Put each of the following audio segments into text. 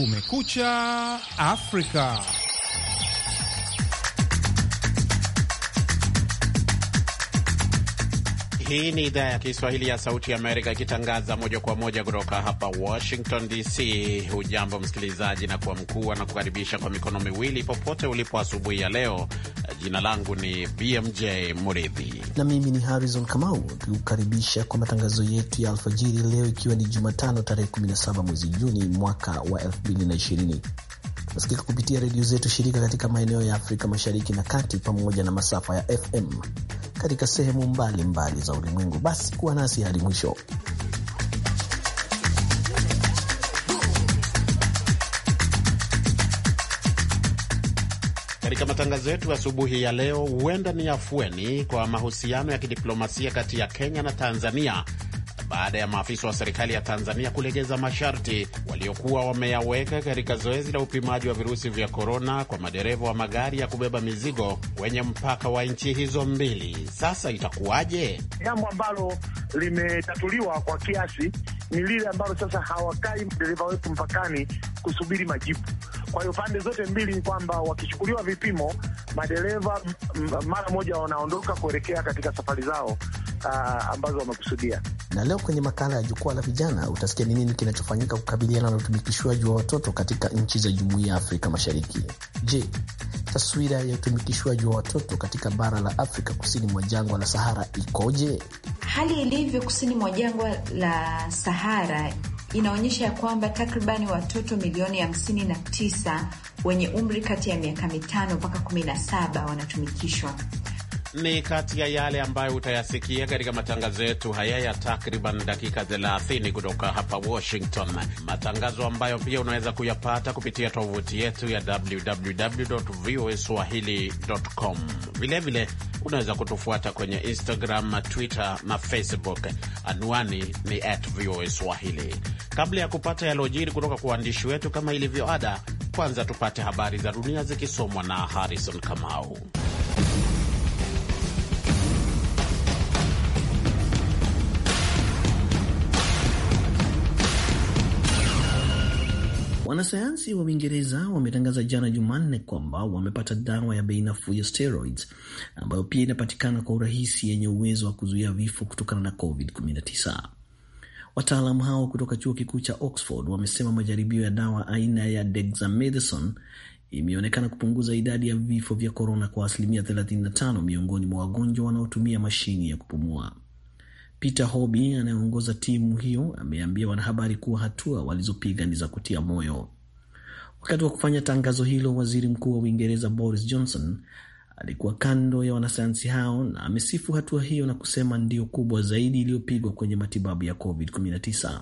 Kumekucha Afrika. Hii ni idhaa ya Kiswahili ya Sauti ya Amerika ikitangaza moja kwa moja kutoka hapa Washington DC. Hujambo msikilizaji, na kuwa mkuu anakukaribisha kwa mikono miwili popote ulipo asubuhi ya leo, Jina langu ni BMJ Muridhi na mimi ni Harrison Kamau, tukukaribisha kwa matangazo yetu ya alfajiri leo, ikiwa ni Jumatano tarehe 17 mwezi Juni mwaka wa 2020. Tunasikika kupitia redio zetu shirika katika maeneo ya Afrika Mashariki na Kati pamoja na masafa ya FM katika sehemu mbalimbali mbali za ulimwengu. Basi kuwa nasi hadi mwisho. Katika matangazo yetu asubuhi ya leo, huenda ni afueni kwa mahusiano ya kidiplomasia kati ya Kenya na Tanzania baada ya maafisa wa serikali ya Tanzania kulegeza masharti waliokuwa wameyaweka katika zoezi la upimaji wa virusi vya korona kwa madereva wa magari ya kubeba mizigo kwenye mpaka wa nchi hizo mbili. Sasa itakuwaje? Jambo ambalo limetatuliwa kwa kiasi ni lile ambalo sasa hawakai madereva wetu mpakani kusubiri majibu kwa hiyo pande zote mbili ni kwamba wakichukuliwa vipimo, madereva mara moja wanaondoka kuelekea katika safari zao uh, ambazo wamekusudia. Na leo kwenye makala ya jukwaa la vijana utasikia ni nini kinachofanyika kukabiliana na utumikishwaji wa watoto katika nchi za jumuiya ya Afrika Mashariki. Je, taswira ya utumikishwaji wa watoto katika bara la Afrika kusini mwa jangwa la Sahara ikoje? Hali ilivyo kusini mwa jangwa la Sahara inaonyesha ya kwamba takribani watoto milioni 59 wenye umri kati ya miaka mitano mpaka 17 wanatumikishwa ni kati ya yale ambayo utayasikia katika matangazo yetu haya ya takriban dakika 30 kutoka hapa Washington, matangazo ambayo pia unaweza kuyapata kupitia tovuti yetu ya www.voaswahili.com. Vilevile unaweza kutufuata kwenye Instagram, Twitter na Facebook. Anwani ni swahili. Kabla ya kupata yalojiri kutoka kwa waandishi wetu, kama ilivyo ada, kwanza tupate habari za dunia zikisomwa na Harrison Kamau. Wanasayansi wa Uingereza wametangaza jana Jumanne kwamba wamepata dawa ya bei nafuu ya steroids ambayo pia inapatikana kwa urahisi yenye uwezo wa kuzuia vifo kutokana na COVID-19. Wataalamu hao kutoka chuo kikuu cha Oxford wamesema majaribio ya dawa aina ya dexamethasone imeonekana kupunguza idadi ya vifo vya korona kwa asilimia 35 miongoni mwa wagonjwa wanaotumia mashini ya kupumua. Peter Hobby anayeongoza timu hiyo ameambia wanahabari kuwa hatua walizopiga ni za kutia moyo. Wakati wa kufanya tangazo hilo, waziri mkuu wa Uingereza Boris Johnson alikuwa kando ya wanasayansi hao na amesifu hatua hiyo na kusema ndio kubwa zaidi iliyopigwa kwenye matibabu ya COVID-19.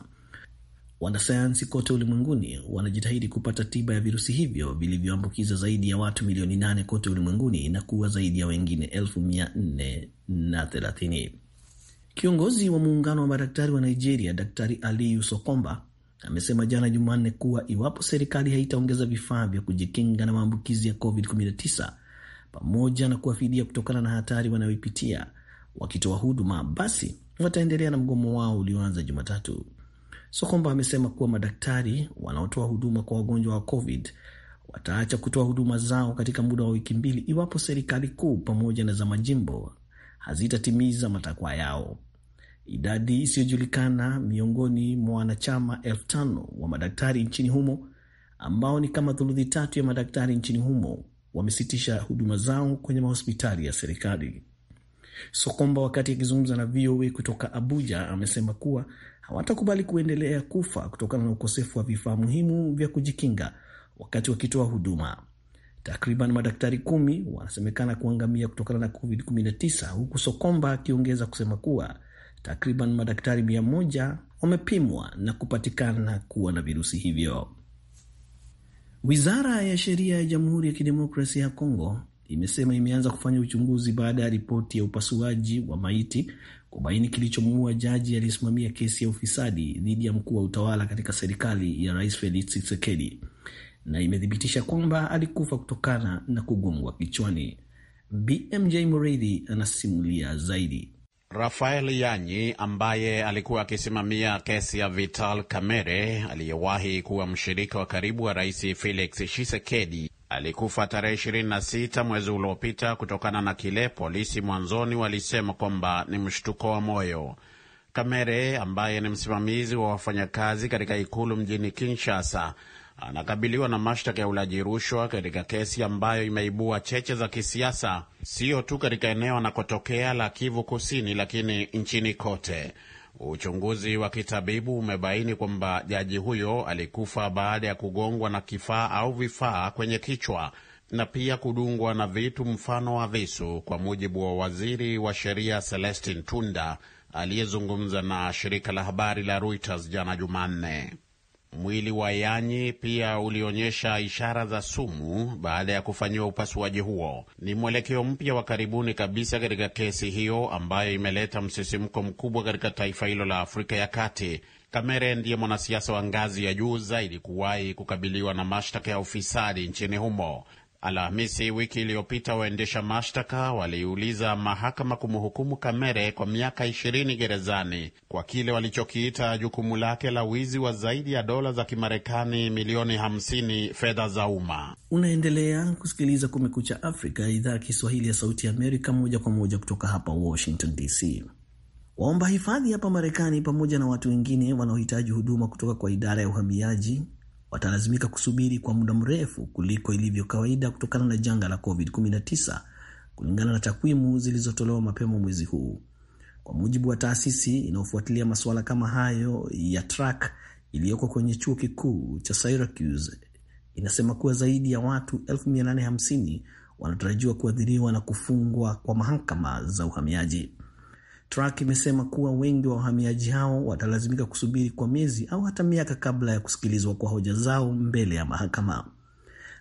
Wanasayansi kote ulimwenguni wanajitahidi kupata tiba ya virusi hivyo vilivyoambukiza zaidi ya watu milioni nane kote ulimwenguni na kuwa zaidi ya wengine elfu mia nne na thelathini. Kiongozi wa muungano wa madaktari wa Nigeria, Daktari Aliyu Sokomba, amesema jana Jumanne kuwa iwapo serikali haitaongeza vifaa vya kujikinga na maambukizi ya COVID-19 pamoja na kuwafidia kutokana na hatari wanayoipitia wakitoa wa huduma, basi wataendelea na mgomo wao ulioanza Jumatatu. Sokomba amesema kuwa madaktari wanaotoa huduma kwa wagonjwa wa COVID wataacha kutoa huduma zao katika muda wa wiki mbili iwapo serikali kuu pamoja na za majimbo hazitatimiza matakwa yao idadi isiyojulikana miongoni mwa wanachama elfu tano wa madaktari nchini humo ambao ni kama thuluthi tatu ya madaktari nchini humo wamesitisha huduma zao kwenye mahospitali ya serikali. Sokomba, wakati akizungumza na VOA kutoka Abuja, amesema kuwa hawatakubali kuendelea kufa kutokana na ukosefu wa vifaa muhimu vya kujikinga wakati wakitoa huduma. Takriban madaktari kumi wanasemekana kuangamia kutokana na COVID-19, huku Sokomba akiongeza kusema kuwa Takriban madaktari mia moja wamepimwa na kupatikana kuwa na virusi hivyo. Wizara ya sheria ya Jamhuri ya Kidemokrasia ya Kongo imesema imeanza kufanya uchunguzi baada ya ripoti ya upasuaji wa maiti kubaini kilichomuua jaji aliyesimamia kesi ya ufisadi dhidi ya mkuu wa utawala katika serikali ya Rais Felix Tshisekedi, na imethibitisha kwamba alikufa kutokana na kugongwa kichwani. BMJ Muridi anasimulia zaidi. Rafael Yanyi ambaye alikuwa akisimamia kesi ya Vital Kamerhe aliyewahi kuwa mshirika wa karibu wa Rais Felix Tshisekedi alikufa tarehe 26 mwezi uliopita kutokana na kile polisi mwanzoni walisema kwamba ni mshtuko wa moyo. Kamerhe ambaye ni msimamizi wa wafanyakazi katika ikulu mjini Kinshasa anakabiliwa na mashtaka ya ulaji rushwa katika kesi ambayo imeibua cheche za kisiasa, sio tu katika eneo anakotokea la Kivu Kusini, lakini nchini kote. Uchunguzi wa kitabibu umebaini kwamba jaji huyo alikufa baada ya kugongwa na kifaa au vifaa kwenye kichwa na pia kudungwa na vitu mfano wa visu, kwa mujibu wa waziri wa sheria Celestin Tunda aliyezungumza na shirika la habari la Reuters jana Jumanne. Mwili wa Yanyi pia ulionyesha ishara za sumu baada ya kufanyiwa upasuaji huo. Ni mwelekeo mpya wa karibuni kabisa katika kesi hiyo ambayo imeleta msisimko mkubwa katika taifa hilo la Afrika ya Kati. Kamere ndiye mwanasiasa wa ngazi ya juu zaidi kuwahi kukabiliwa na mashtaka ya ufisadi nchini humo. Alhamisi wiki iliyopita waendesha mashtaka waliuliza mahakama kumhukumu Kamere kwa miaka ishirini gerezani kwa kile walichokiita jukumu lake la wizi wa zaidi ya dola za Kimarekani milioni 50 fedha za umma. Unaendelea kusikiliza Kumekucha Afrika, idhaa ya Kiswahili ya Sauti ya Amerika, moja kwa moja kutoka hapa Washington DC. Waomba hifadhi hapa Marekani pamoja na watu wengine wanaohitaji huduma kutoka kwa idara ya uhamiaji watalazimika kusubiri kwa muda mrefu kuliko ilivyo kawaida kutokana na janga la COVID-19 kulingana na takwimu zilizotolewa mapema mwezi huu. Kwa mujibu wa taasisi inayofuatilia masuala kama hayo ya Track iliyoko kwenye chuo kikuu cha Syracuse, inasema kuwa zaidi ya watu 1850 wanatarajiwa kuathiriwa na kufungwa kwa mahakama za uhamiaji. Trak imesema kuwa wengi wa wahamiaji hao watalazimika kusubiri kwa miezi au hata miaka kabla ya kusikilizwa kwa hoja zao mbele ya mahakama.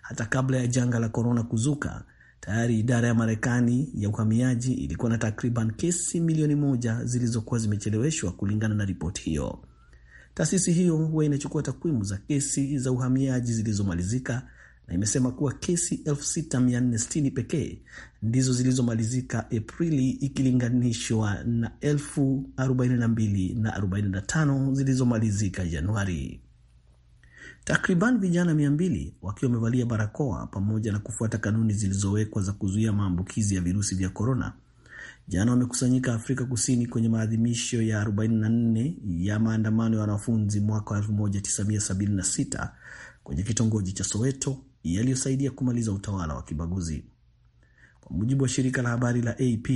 Hata kabla ya janga la korona kuzuka, tayari idara ya Marekani ya uhamiaji ilikuwa na takriban kesi milioni moja zilizokuwa zimecheleweshwa, kulingana na ripoti hiyo. Taasisi hiyo huwa inachukua takwimu za kesi za uhamiaji zilizomalizika na imesema kuwa kesi 6460 pekee ndizo zilizomalizika Aprili ikilinganishwa na 42 na 45 zilizomalizika Januari. Takriban vijana 200 wakiwa wamevalia barakoa pamoja na kufuata kanuni zilizowekwa za kuzuia maambukizi ya virusi vya korona, jana wamekusanyika Afrika Kusini kwenye maadhimisho ya 44 ya maandamano ya wanafunzi mwaka 1976 kwenye kitongoji cha Soweto yaliyosaidia kumaliza utawala wa kibaguzi. Kwa mujibu wa shirika la habari la AP,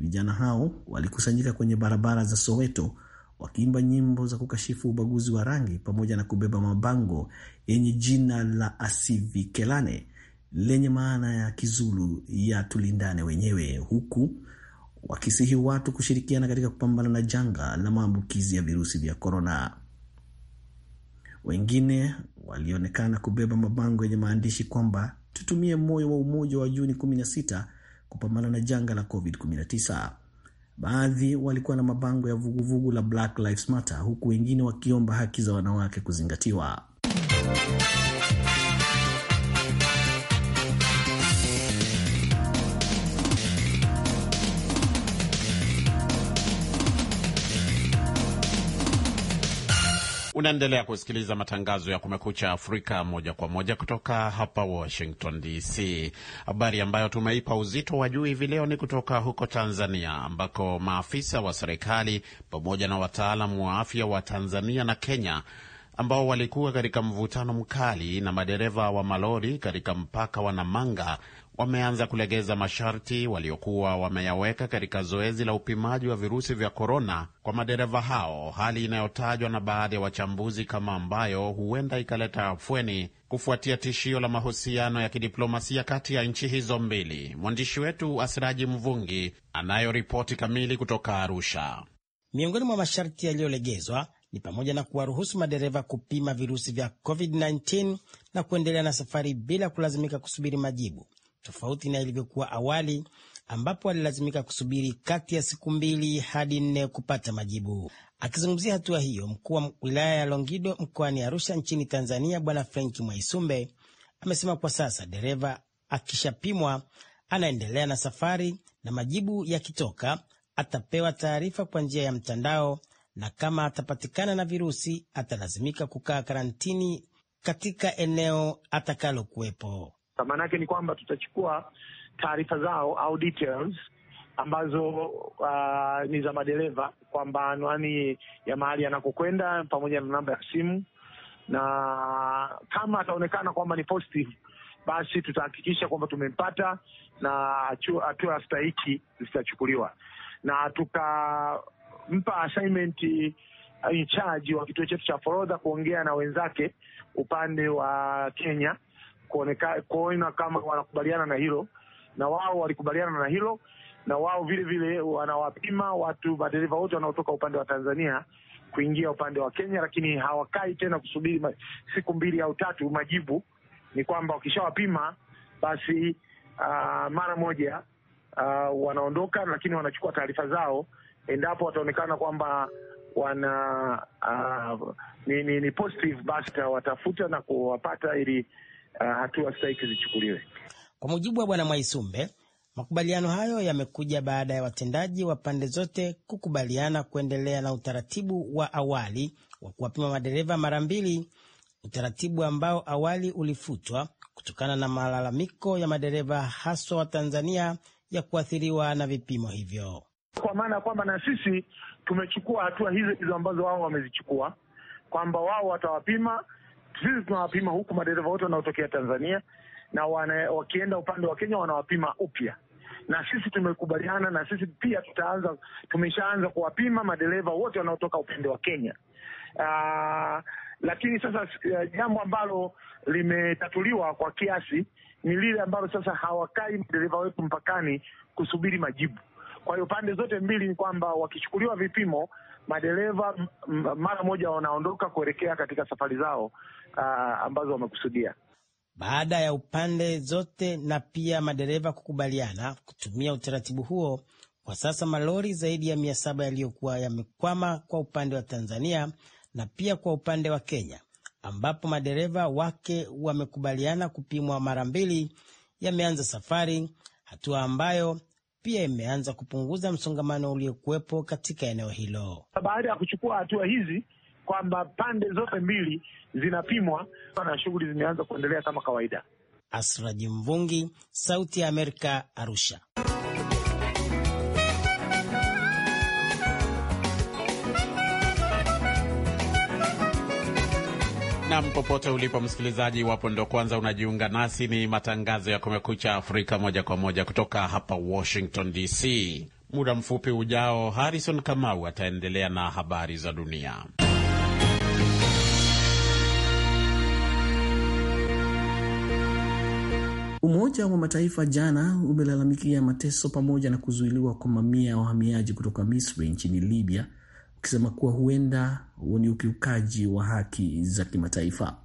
vijana hao walikusanyika kwenye barabara za Soweto wakiimba nyimbo za kukashifu ubaguzi wa rangi pamoja na kubeba mabango yenye jina la Asivikelane lenye maana ya Kizulu ya tulindane wenyewe, huku wakisihi watu kushirikiana katika kupambana na janga la maambukizi ya virusi vya korona. Wengine walionekana kubeba mabango yenye maandishi kwamba tutumie moyo wa umoja wa Juni 16 kupambana na janga la COVID-19. Baadhi walikuwa na mabango ya vuguvugu vugu la Black Lives Matter, huku wengine wakiomba haki za wanawake kuzingatiwa. Unaendelea kusikiliza matangazo ya Kumekucha Afrika moja kwa moja kutoka hapa Washington DC. Habari ambayo tumeipa uzito wa juu hivi leo ni kutoka huko Tanzania, ambako maafisa wa serikali pamoja na wataalamu wa afya wa Tanzania na Kenya ambao walikuwa katika mvutano mkali na madereva wa malori katika mpaka wa Namanga wameanza kulegeza masharti waliokuwa wameyaweka katika zoezi la upimaji wa virusi vya korona kwa madereva hao, hali inayotajwa na baadhi ya wachambuzi kama ambayo huenda ikaleta afweni kufuatia tishio la mahusiano ya kidiplomasia kati ya nchi hizo mbili. Mwandishi wetu Asiraji Mvungi anayo ripoti kamili kutoka Arusha. Miongoni mwa masharti yaliyolegezwa ni pamoja na kuwaruhusu madereva kupima virusi vya COVID-19 na kuendelea na safari bila kulazimika kusubiri majibu tofauti na ilivyokuwa awali ambapo alilazimika kusubiri kati ya siku mbili hadi nne kupata majibu. Akizungumzia hatua hiyo, mkuu wa wilaya ya Longido mkoani Arusha nchini Tanzania, Bwana Frenki Mwaisumbe amesema kwa sasa dereva akishapimwa anaendelea na safari na majibu yakitoka atapewa taarifa kwa njia ya mtandao, na kama atapatikana na virusi atalazimika kukaa karantini katika eneo atakalokuwepo sasa. maana yake ni kwamba tutachukua taarifa zao au details ambazo uh, ni za madereva kwamba anwani ya mahali anakokwenda pamoja na namba ya simu, na kama ataonekana kwamba ni positive, basi tutahakikisha kwamba tumempata na hatua stahiki zitachukuliwa, na tukampa assignment uh, in charge wa kituo chetu cha forodha kuongea na wenzake upande wa Kenya kuonekana kuona kama wanakubaliana na hilo, na wao walikubaliana na hilo, na wao vile vile wanawapima watu madereva wote wanaotoka upande wa Tanzania kuingia upande wa Kenya, lakini hawakai tena kusubiri siku mbili au tatu majibu. Ni kwamba wakishawapima basi uh, mara moja uh, wanaondoka, lakini wanachukua taarifa zao endapo wataonekana kwamba wana uh, ni, ni, ni positive basi watafuta na kuwapata ili uh, hatua stahiki zichukuliwe. Kwa mujibu wa Bwana Mwaisumbe, makubaliano hayo yamekuja baada ya watendaji wa pande zote kukubaliana kuendelea na utaratibu wa awali wa kuwapima madereva mara mbili, utaratibu ambao awali ulifutwa kutokana na malalamiko ya madereva haswa wa Tanzania ya kuathiriwa na vipimo hivyo, kwa maana ya kwamba na sisi tumechukua hatua hizo hizo ambazo wao wamezichukua, kwamba wao watawapima sisi tunawapima huku madereva wote wanaotokea Tanzania na wana, wakienda upande wa Kenya wanawapima upya na sisi tumekubaliana, na sisi pia tutaanza, tumeshaanza kuwapima madereva wote wanaotoka upande wa Kenya. Uh, lakini sasa eh, jambo ambalo limetatuliwa kwa kiasi ni lile ambalo sasa hawakai madereva wetu mpakani kusubiri majibu. Kwa hiyo pande zote mbili ni kwamba wakichukuliwa vipimo madereva mara moja wanaondoka kuelekea katika safari zao, uh, ambazo wamekusudia baada ya upande zote na pia madereva kukubaliana kutumia utaratibu huo. Kwa sasa malori zaidi ya mia saba yaliyokuwa yamekwama kwa upande wa Tanzania na pia kwa upande wa Kenya, ambapo madereva wake wamekubaliana kupimwa mara mbili, yameanza safari, hatua ambayo pia imeanza kupunguza msongamano uliokuwepo katika eneo hilo. Baada ya kuchukua hatua hizi kwamba pande zote mbili zinapimwa na shughuli zimeanza kuendelea kama kawaida. Asraji Mvungi, Sauti ya Amerika, Arusha. Nam, popote ulipo msikilizaji, iwapo ndo kwanza unajiunga nasi, ni matangazo ya Kumekucha Afrika moja kwa moja kutoka hapa Washington DC. Muda mfupi ujao, Harrison Kamau ataendelea na habari za dunia. Umoja wa Mataifa jana umelalamikia mateso pamoja na kuzuiliwa kwa mamia ya wahamiaji kutoka Misri nchini Libya, ukisema kuwa huenda ni ukiukaji wa haki za kimataifa.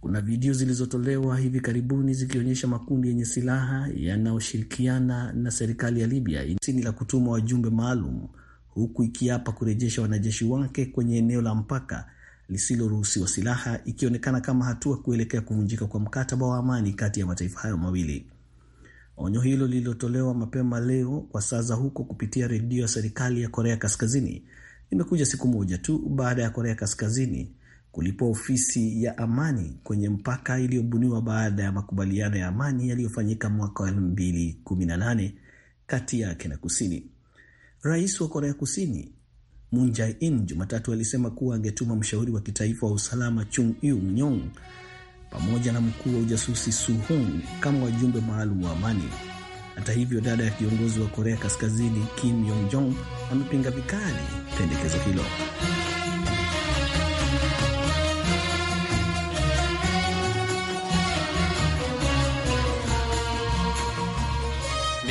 Kuna video zilizotolewa hivi karibuni zikionyesha makundi yenye silaha yanayoshirikiana na serikali ya Libya sini la kutuma wajumbe maalum, huku ikiapa kurejesha wanajeshi wake kwenye eneo la mpaka lisiloruhusiwa silaha, ikionekana kama hatua kuelekea kuvunjika kwa mkataba wa amani kati ya mataifa hayo mawili. Onyo hilo lililotolewa mapema leo kwa saa za huko kupitia redio ya serikali ya Korea Kaskazini limekuja siku moja tu baada ya Korea Kaskazini kulipa ofisi ya amani kwenye mpaka iliyobuniwa baada ya makubaliano ya amani yaliyofanyika mwaka wa 2018 kati yake na Kusini. Rais wa Korea Kusini Moon Jae-in Jumatatu alisema kuwa angetuma mshauri wa kitaifa wa usalama Chung Eui Yong pamoja na mkuu wa ujasusi Su Hong kama wajumbe maalum wa amani. Hata hivyo, dada ya kiongozi wa Korea Kaskazini Kim Yong Jong amepinga vikali pendekezo hilo.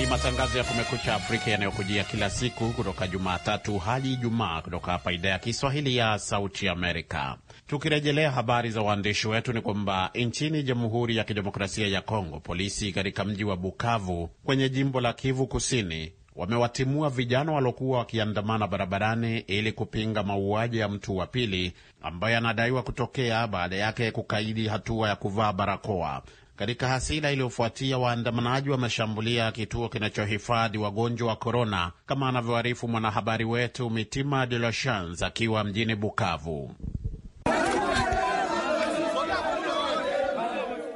matangazo ya Kumekucha Afrika yanayokujia kila siku kutoka Jumatatu hadi Ijumaa kutoka hapa idhaa ya Kiswahili ya Sauti Amerika. Tukirejelea habari za waandishi wetu, ni kwamba nchini Jamhuri ya Kidemokrasia ya Kongo, polisi katika mji wa Bukavu kwenye jimbo la Kivu Kusini wamewatimua vijana waliokuwa wakiandamana barabarani ili kupinga mauaji ya mtu wa pili ambaye anadaiwa kutokea baada yake kukaidi hatua ya kuvaa barakoa. Katika hasira iliyofuatia, waandamanaji wameshambulia kituo kinachohifadhi wagonjwa wa korona, kama anavyoarifu mwanahabari wetu Mitima De La Chance akiwa mjini Bukavu.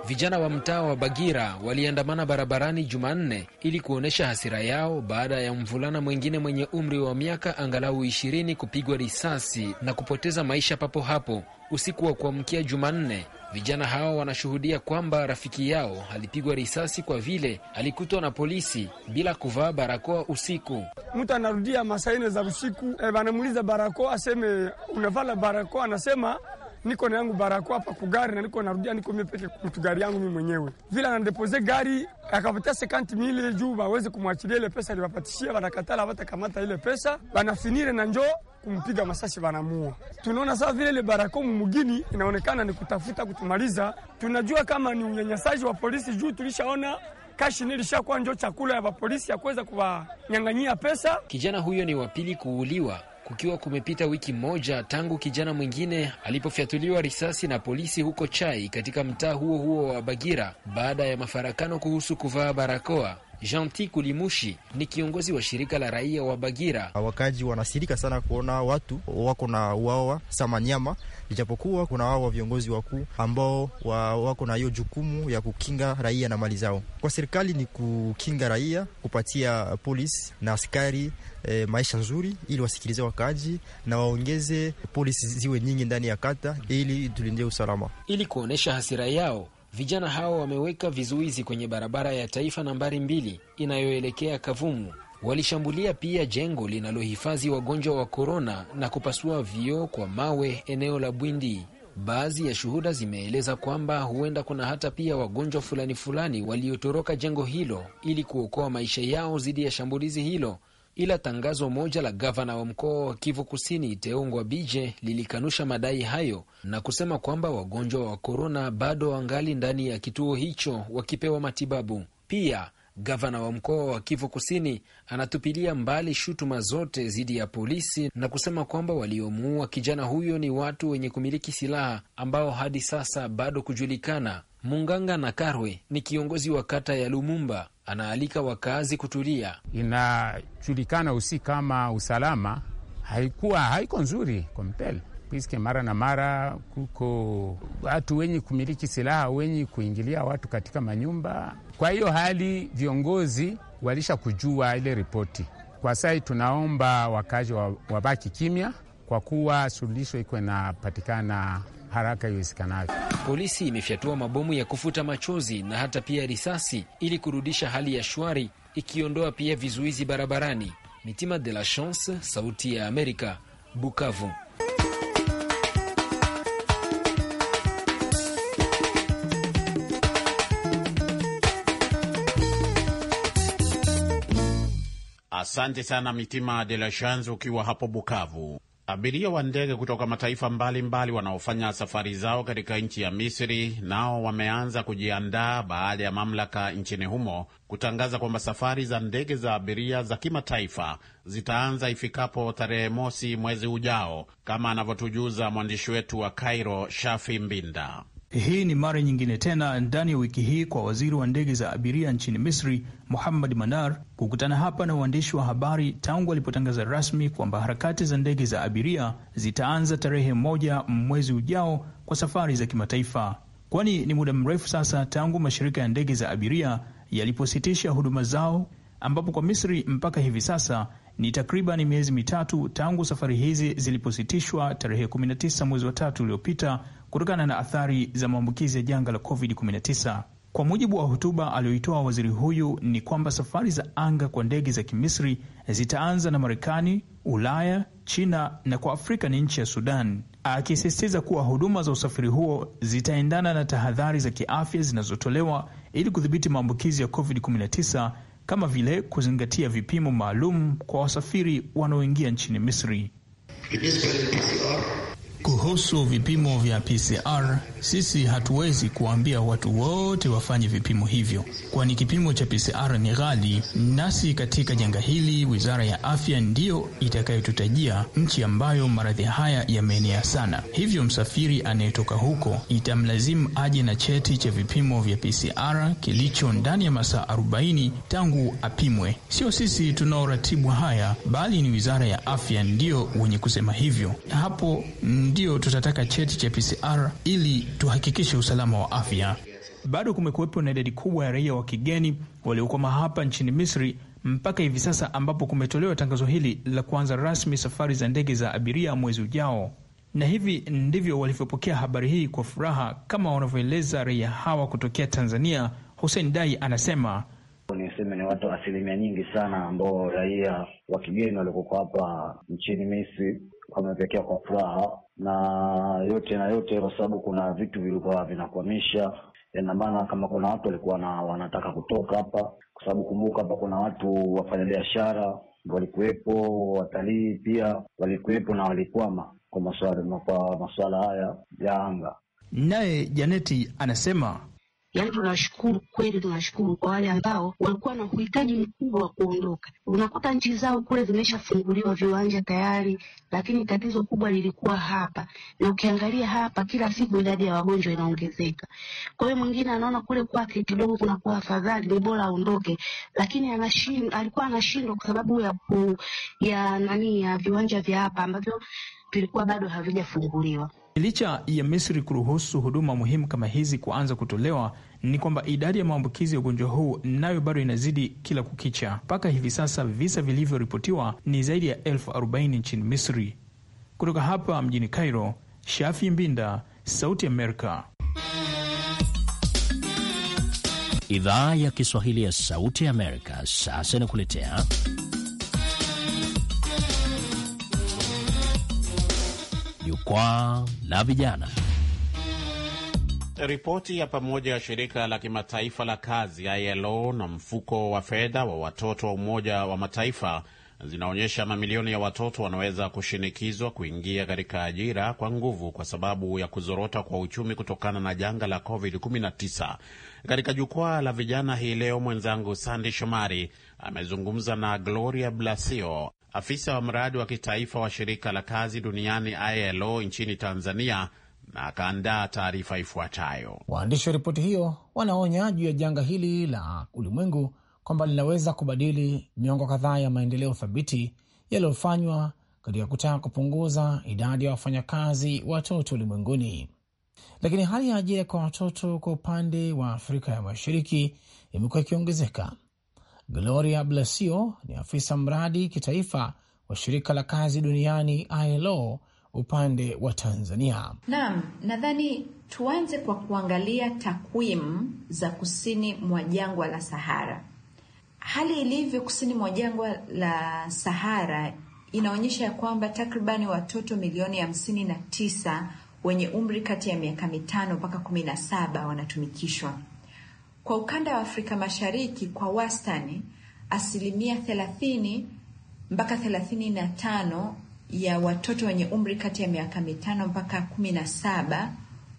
Vijana wa mtaa wa Bagira waliandamana barabarani Jumanne ili kuonyesha hasira yao baada ya mvulana mwingine mwenye umri wa miaka angalau ishirini kupigwa risasi na kupoteza maisha papo hapo usiku wa kuamkia Jumanne. Vijana hao wanashuhudia kwamba rafiki yao alipigwa risasi kwa vile alikutwa na polisi bila kuvaa barakoa usiku. Mtu anarudia masaine za usiku, eh, anamuuliza barakoa, aseme unavala barakoa, anasema niko na yangu barakoa hapa gari na niko narudia, niko mimi peke mtu gari yangu mimi mwenyewe, vile anadepose gari akapatia sekanti mili juu baweze kumwachilia ile pesa aliwapatishia, wanakatala hata kamata ile pesa, wanafinire na njoo kumpiga masasi wanamua. Tunaona saa vile ile barako mumugini inaonekana ni kutafuta kutumaliza. Tunajua kama ni unyanyasaji wa polisi juu tulishaona kashi nilishakuwa njo chakula ya polisi ya kuweza kuwanyang'anyia pesa. Kijana huyo ni wa pili kuuliwa kukiwa kumepita wiki moja tangu kijana mwingine alipofyatuliwa risasi na polisi huko Chai katika mtaa huo huo wa Bagira baada ya mafarakano kuhusu kuvaa barakoa. Janti Kulimushi ni kiongozi wa shirika la raia wa Bagira. Wakaji wanasirika sana kuona watu wako na uawa sama nyama, ijapokuwa kuna wao wa viongozi wakuu ambao wa wako na hiyo jukumu ya kukinga raia na mali zao. Kwa serikali ni kukinga raia, kupatia polisi na askari e, maisha nzuri, ili wasikilize wakaji na waongeze polisi ziwe nyingi ndani ya kata, ili tulinde usalama, ili kuonyesha hasira yao Vijana hao wameweka vizuizi kwenye barabara ya taifa nambari mbili inayoelekea Kavumu. Walishambulia pia jengo linalohifadhi wagonjwa wa korona na kupasua vioo kwa mawe eneo la Bwindi. Baadhi ya shuhuda zimeeleza kwamba huenda kuna hata pia wagonjwa fulani fulani waliotoroka jengo hilo ili kuokoa maisha yao dhidi ya shambulizi hilo ila tangazo moja la gavana wa mkoa wa Kivu Kusini teungwa bije lilikanusha madai hayo na kusema kwamba wagonjwa wa korona bado wangali ndani ya kituo hicho wakipewa matibabu. Pia Gavana wa mkoa wa Kivu Kusini anatupilia mbali shutuma zote dhidi ya polisi na kusema kwamba waliomuua kijana huyo ni watu wenye kumiliki silaha ambao hadi sasa bado kujulikana. Munganga na Karwe ni kiongozi wa kata ya Lumumba, anaalika wakazi kutulia. Inajulikana usi kama usalama haikuwa haiko nzuri kwa mpele iske mara na mara kuko watu wenye kumiliki silaha wenye kuingilia watu katika manyumba. Kwa hiyo hali viongozi walisha kujua ile ripoti. Kwa sai tunaomba wakazi wabaki kimya, kwa kuwa suluhisho iko inapatikana haraka iwezekanavyo. Polisi imefyatua mabomu ya kufuta machozi na hata pia risasi ili kurudisha hali ya shwari, ikiondoa pia vizuizi barabarani. Mitima de la Chance, Sauti ya Amerika, Bukavu. Asante sana Mitima de la Chance ukiwa hapo Bukavu. Abiria wa ndege kutoka mataifa mbalimbali mbali wanaofanya safari zao katika nchi ya Misri nao wameanza kujiandaa baada ya mamlaka nchini humo kutangaza kwamba safari za ndege za abiria za kimataifa zitaanza ifikapo tarehe mosi mwezi ujao, kama anavyotujuza mwandishi wetu wa Cairo, Shafi Mbinda. Hii ni mara nyingine tena ndani ya wiki hii kwa waziri wa ndege za abiria nchini Misri Muhammad Manar kukutana hapa na waandishi wa habari tangu alipotangaza rasmi kwamba harakati za ndege za abiria zitaanza tarehe moja mwezi ujao kwa safari za kimataifa, kwani ni muda mrefu sasa tangu mashirika ya ndege za abiria yalipositisha huduma zao, ambapo kwa Misri mpaka hivi sasa ni takriban miezi mitatu tangu safari hizi zilipositishwa tarehe 19 mwezi wa tatu uliopita kutokana na athari za maambukizi ya janga la COVID-19. Kwa mujibu wa hotuba aliyoitoa waziri huyu ni kwamba safari za anga kwa ndege za Kimisri zitaanza na Marekani, Ulaya, China na kwa Afrika ni nchi ya Sudan, akisisitiza kuwa huduma za usafiri huo zitaendana na tahadhari za kiafya zinazotolewa ili kudhibiti maambukizi ya COVID-19 kama vile kuzingatia vipimo maalum kwa wasafiri wanaoingia nchini Misri. Kuhusu vipimo vya PCR, sisi hatuwezi kuambia watu wote wafanye vipimo hivyo, kwani kipimo cha PCR ni ghali. Nasi katika janga hili, wizara ya afya ndiyo itakayotutajia nchi ambayo maradhi haya yameenea sana. Hivyo msafiri anayetoka huko itamlazimu aje na cheti cha vipimo vya PCR kilicho ndani ya masaa 40 tangu apimwe. Sio sisi tunaoratibu haya, bali ni wizara ya afya ndiyo wenye kusema hivyo hapo ndio tutataka cheti cha PCR ili tuhakikishe usalama wa afya. Bado kumekuwepo na idadi kubwa ya raia wa kigeni waliokwama hapa nchini Misri mpaka hivi sasa ambapo kumetolewa tangazo hili la kuanza rasmi safari za ndege za abiria mwezi ujao. Na hivi ndivyo walivyopokea habari hii kwa furaha, kama wanavyoeleza raia hawa kutokea Tanzania. Hussein Dai anasema Niseme ni watu asilimia nyingi sana ambao raia wa kigeni waliokuwa hapa nchini Misri wamepokea kwa furaha na yote na yote, kwa sababu kuna vitu vilikuwa vinakwamisha, ina maana kama kuna watu walikuwa na wanataka kutoka hapa, kwa sababu kumbuka, hapa kuna watu wafanyabiashara walikuwepo, watalii pia walikuwepo na walikwama kwa masuala haya ya anga. Naye Janeti anasema Yaani tunashukuru kweli, tunashukuru kwa wale ambao walikuwa na uhitaji mkubwa wa kuondoka. Unakuta nchi zao kule zimeshafunguliwa viwanja tayari, lakini tatizo kubwa lilikuwa hapa, na ukiangalia hapa, kila siku idadi ya wagonjwa inaongezeka. Kwa hiyo mwingine anaona kule kwake kidogo kunakuwa afadhali, ni bora aondoke, lakini anashindwa, alikuwa anashindwa kwa sababu ya, ku, ya nani ya viwanja vya hapa ambavyo vilikuwa bado havijafunguliwa. Licha ya Misri kuruhusu huduma muhimu kama hizi kuanza kutolewa, ni kwamba idadi ya maambukizi ya ugonjwa huu nayo bado inazidi kila kukicha. Mpaka hivi sasa visa vilivyoripotiwa ni zaidi ya elfu arobaini nchini Misri. Kutoka hapa mjini Cairo, Shafi Mbinda, Sauti Amerika. Idhaa ya Kiswahili ya Sauti Amerika sasa inakuletea jukwaa la vijana. Ripoti ya pamoja ya shirika la kimataifa la kazi ILO na mfuko wa fedha wa watoto wa Umoja wa Mataifa zinaonyesha mamilioni ya watoto wanaweza kushinikizwa kuingia katika ajira kwa nguvu kwa sababu ya kuzorota kwa uchumi kutokana na janga la COVID-19. Katika jukwaa la vijana hii leo, mwenzangu Sandi Shomari amezungumza na Gloria Blasio Afisa wa mradi wa kitaifa wa shirika la kazi duniani ILO nchini Tanzania na akaandaa taarifa ifuatayo. Waandishi wa ripoti hiyo wanaonya juu ya janga hili la ulimwengu kwamba linaweza kubadili miongo kadhaa ya maendeleo thabiti yaliyofanywa katika kutaka kupunguza idadi ya wafanyakazi watoto ulimwenguni. Lakini hali ya ajira kwa watoto kwa upande wa Afrika ya Mashariki imekuwa ikiongezeka Gloria Blasio ni afisa mradi kitaifa wa shirika la kazi duniani ILO upande wa Tanzania. Naam, nadhani tuanze kwa kuangalia takwimu za kusini mwa jangwa la Sahara. Hali ilivyo kusini mwa jangwa la Sahara inaonyesha ya kwamba takribani watoto milioni hamsini na tisa wenye umri kati ya miaka mitano mpaka kumi na saba wanatumikishwa kwa ukanda wa Afrika Mashariki kwa wastani asilimia 30 mpaka 35 ya watoto wenye umri kati ya miaka mitano mpaka 17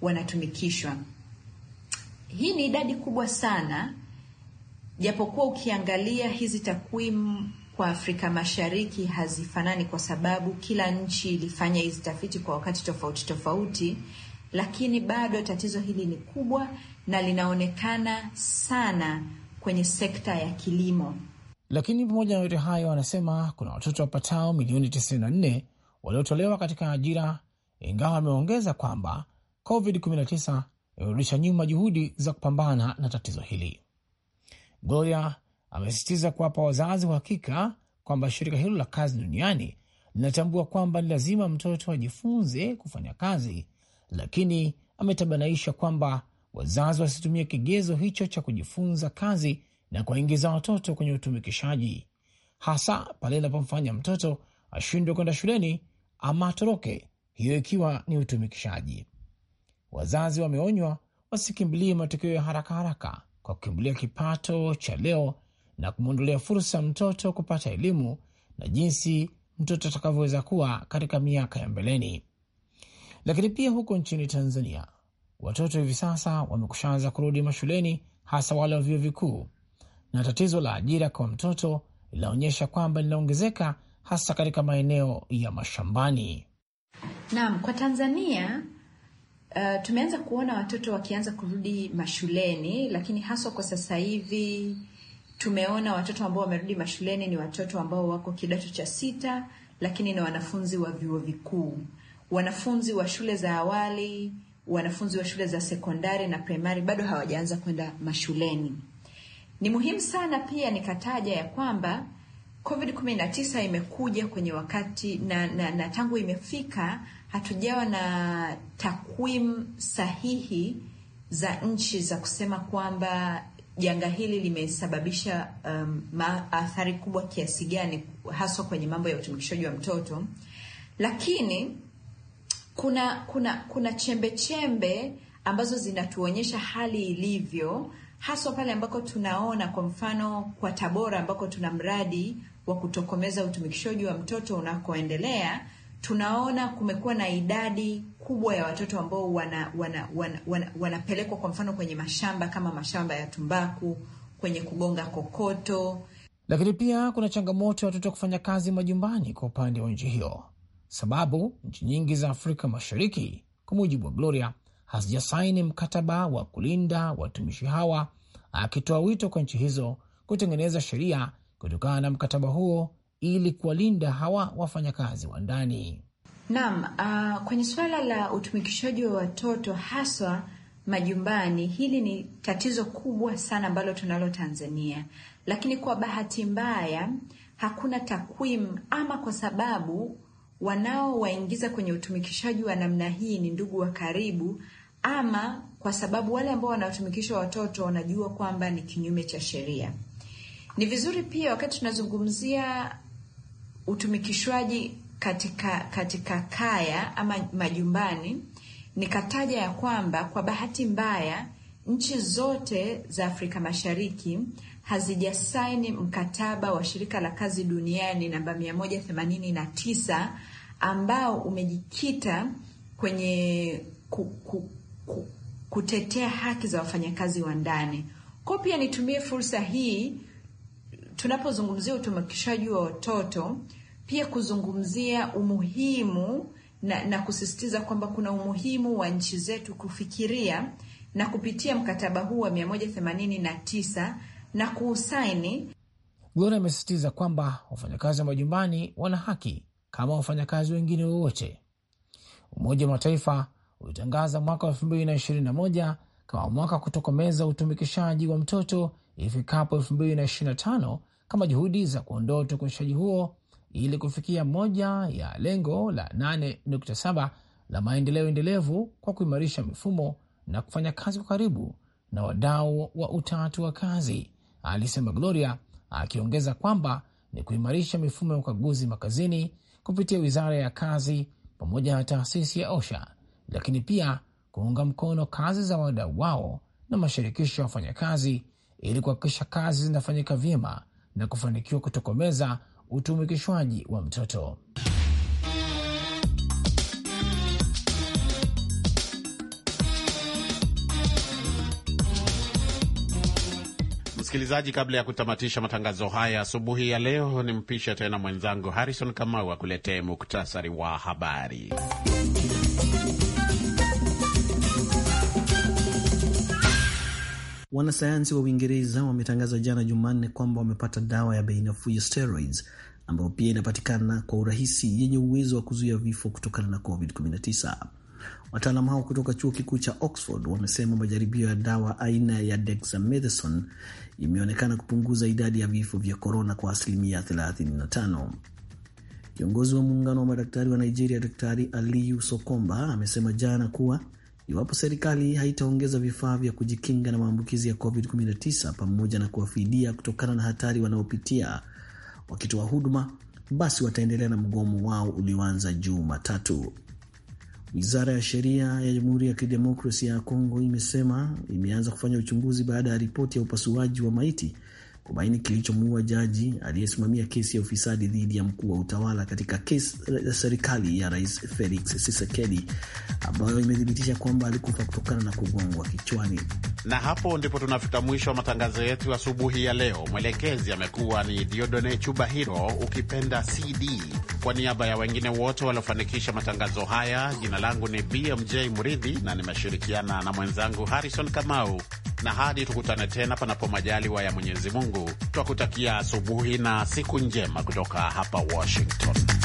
wanatumikishwa. Hii ni idadi kubwa sana, japokuwa ukiangalia hizi takwimu kwa Afrika Mashariki hazifanani, kwa sababu kila nchi ilifanya hizi tafiti kwa wakati tofauti tofauti, lakini bado tatizo hili ni kubwa na linaonekana sana kwenye sekta ya kilimo. Lakini pamoja na yote hayo, anasema kuna watoto wapatao milioni 94 waliotolewa katika ajira, ingawa ameongeza kwamba COVID-19 imerudisha nyuma juhudi za kupambana na tatizo hili. Gloria amesisitiza kuwapa wazazi uhakika kwamba shirika hilo la kazi duniani linatambua kwamba ni lazima mtoto ajifunze kufanya kazi lakini ametabanaisha kwamba wazazi wasitumie kigezo hicho cha kujifunza kazi na kuwaingiza watoto kwenye utumikishaji, hasa pale inapomfanya mtoto ashindwe kwenda shuleni ama atoroke, hiyo ikiwa ni utumikishaji. Wazazi wameonywa wasikimbilie matokeo ya haraka haraka kwa kukimbilia kipato cha leo na kumwondolea fursa mtoto kupata elimu na jinsi mtoto atakavyoweza kuwa katika miaka ya mbeleni. Lakini pia huko nchini Tanzania watoto hivi sasa wamekushaanza kurudi mashuleni, hasa wale wa vyuo vikuu, na tatizo la ajira kwa mtoto linaonyesha kwamba linaongezeka hasa katika maeneo ya mashambani. Naam, kwa Tanzania uh, tumeanza kuona watoto wakianza kurudi mashuleni, lakini haswa kwa sasa hivi tumeona watoto ambao wamerudi mashuleni ni watoto ambao wako kidato cha sita, lakini ni wanafunzi wa vyuo vikuu wanafunzi wa shule za awali, wanafunzi wa shule za sekondari na primary bado hawajaanza kwenda mashuleni. Ni muhimu sana pia nikataja ya kwamba COVID-19 imekuja kwenye wakati na, na, na tangu imefika hatujawa na takwimu sahihi za nchi za kusema kwamba janga hili limesababisha um, athari kubwa kiasi gani haswa kwenye mambo ya utumikishaji wa mtoto, lakini kuna kuna kuna chembe chembe ambazo zinatuonyesha hali ilivyo haswa pale ambako tunaona kwa mfano kwa Tabora ambako tuna mradi wa kutokomeza utumikishaji wa mtoto unakoendelea, tunaona kumekuwa na idadi kubwa ya watoto ambao wanapelekwa wana, wana, wana, wana kwa mfano kwenye mashamba kama mashamba ya tumbaku, kwenye kugonga kokoto. Lakini pia kuna changamoto ya watoto kufanya kazi majumbani kwa upande wa nchi hiyo sababu nchi nyingi za Afrika Mashariki, kwa mujibu wa Gloria, hazijasaini mkataba wa kulinda watumishi hawa, akitoa wito kwa nchi hizo kutengeneza sheria kutokana na mkataba huo ili kuwalinda hawa wafanyakazi wa ndani. Naam, uh, kwenye suala la utumikishaji wa watoto haswa majumbani, hili ni tatizo kubwa sana ambalo tunalo Tanzania, lakini kwa bahati mbaya hakuna takwimu ama kwa sababu wanaowaingiza kwenye utumikishaji wa namna hii ni ndugu wa karibu, ama kwa sababu wale ambao wanawatumikisha watoto wanajua kwamba ni kinyume cha sheria. Ni vizuri pia wakati tunazungumzia utumikishwaji katika, katika kaya ama majumbani, nikataja ya kwamba kwa bahati mbaya nchi zote za Afrika Mashariki hazijasaini mkataba wa shirika la kazi duniani namba 189 ambao umejikita kwenye ku, ku, ku, kutetea haki za wafanyakazi wa ndani. Kwa pia nitumie fursa hii tunapozungumzia utumikishaji wa watoto pia kuzungumzia umuhimu na, na kusisitiza kwamba kuna umuhimu wa nchi zetu kufikiria na kupitia mkataba huu wa 189 na kuusaini. Gora amesisitiza kwamba wafanyakazi wa majumbani wana haki kama wafanyakazi wengine wowote. Umoja wa Mataifa ulitangaza mwaka wa elfu mbili na ishirini na moja kama mwaka wa kutokomeza utumikishaji wa mtoto ifikapo elfu mbili na ishirini na tano kama juhudi za kuondoa utumikishaji huo ili kufikia moja ya lengo la 8.7 la maendeleo endelevu kwa kuimarisha mifumo na kufanya kazi kwa karibu na wadau wa utatu wa kazi alisema Gloria, akiongeza kwamba ni kuimarisha mifumo ya ukaguzi makazini kupitia wizara ya kazi pamoja na taasisi ya OSHA, lakini pia kuunga mkono kazi za wadau wao na mashirikisho ya wafanyakazi ili kuhakikisha kazi zinafanyika vyema na kufanikiwa kutokomeza utumikishwaji wa mtoto. Msikilizaji, kabla ya kutamatisha matangazo haya asubuhi ya leo, nimpishe tena mwenzangu Harrison Kamau akuletee muktasari wa habari. Wanasayansi wa Uingereza wametangaza jana Jumanne kwamba wamepata dawa ya bei nafuu ya steroids ambayo pia inapatikana kwa urahisi yenye uwezo wa kuzuia vifo kutokana na COVID-19. Wataalam hao kutoka chuo kikuu cha Oxford wamesema majaribio ya dawa aina ya dexamethasone imeonekana kupunguza idadi ya vifo vya korona kwa asilimia 35. Kiongozi wa muungano wa madaktari wa Nigeria, Daktari Aliyu Sokomba, amesema jana kuwa iwapo serikali haitaongeza vifaa vya kujikinga na maambukizi ya COVID-19 pamoja na kuwafidia kutokana na hatari wanaopitia wakitoa wa huduma, basi wataendelea na mgomo wao ulioanza Jumatatu. Wizara ya sheria ya Jamhuri ya Kidemokrasia ya Kongo imesema imeanza kufanya uchunguzi baada ya ripoti ya upasuaji wa maiti kubaini kilichomuua jaji aliyesimamia kesi ya ufisadi dhidi ya mkuu wa utawala katika kesi ya serikali ya Rais Felix Tshisekedi ambayo imethibitisha kwamba alikufa kutokana na kugongwa kichwani. Na hapo ndipo tunafika mwisho wa matangazo yetu asubuhi ya leo. Mwelekezi amekuwa ni Diodone Chubahiro, ukipenda CD. Kwa niaba ya wengine wote waliofanikisha matangazo haya, jina langu ni BMJ Mridhi na nimeshirikiana na mwenzangu Harrison Kamau, na hadi tukutane tena panapo majaliwa ya Mwenyezi Mungu, twakutakia asubuhi na siku njema kutoka hapa Washington.